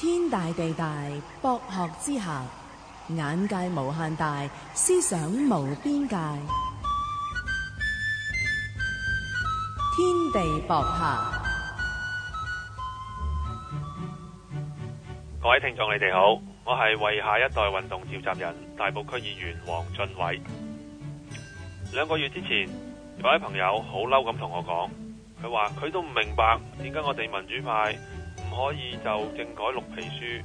天大地大，博學之下，眼界無限大，思想無邊界。天地博客，各位聽眾你哋好，我係為下一代運動召集人，大埔區議員黃俊偉。兩個月之前，有位朋友好嬲咁同我講，佢話佢都唔明白點解我哋民主派。唔可以就政改綠皮書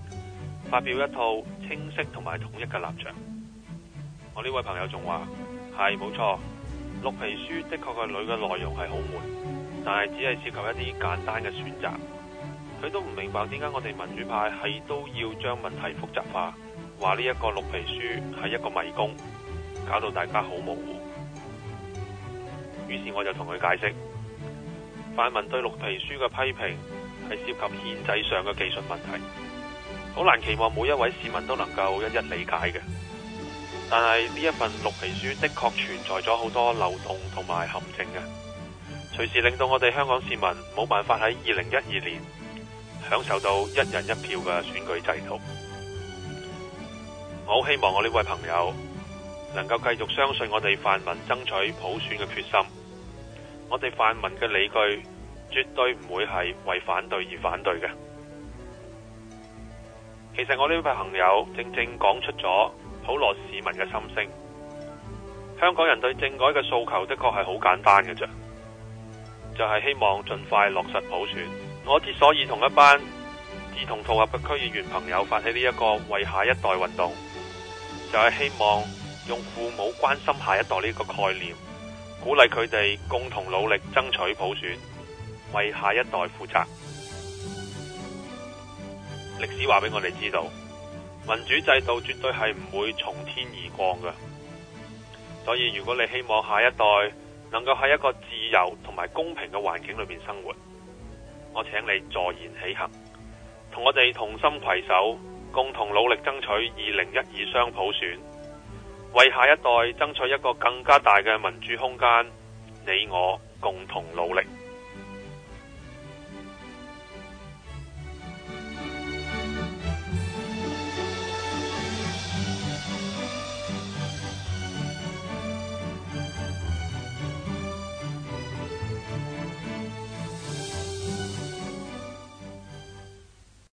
發表一套清晰同埋統一嘅立場。我呢位朋友仲話：係冇錯，綠皮書的確個女嘅內容係好悶，但係只係涉及一啲簡單嘅選擇。佢都唔明白點解我哋民主派係都要將問題複雜化，話呢一個綠皮書係一個迷宮，搞到大家好模糊。於是我就同佢解釋，泛民對綠皮書嘅批評。係涉及憲制上嘅技術問題，好難期望每一位市民都能夠一一理解嘅。但係呢一份綠皮書的確存在咗好多漏洞同埋陷阱嘅，隨時令到我哋香港市民冇辦法喺二零一二年享受到一人一票嘅選舉制度。我好希望我呢位朋友能夠繼續相信我哋泛民爭取普選嘅決心，我哋泛民嘅理據。絕對唔會係為反對而反對嘅。其實我呢位朋友正正講出咗普羅市民嘅心聲。香港人對政改嘅訴求的確係好簡單嘅啫，就係希望盡快落實普選。我之所以同一班志同道合嘅區議員朋友發起呢一個為下一代運動，就係希望用父母關心下一代呢個概念，鼓勵佢哋共同努力爭取普選。為下一代負責，歷史話俾我哋知道，民主制度絕對係唔會從天而降嘅。所以，如果你希望下一代能夠喺一個自由同埋公平嘅環境裏面生活，我請你坐言起行，同我哋同心攜手，共同努力爭取二零一二雙普選，為下一代爭取一個更加大嘅民主空間。你我共同努力。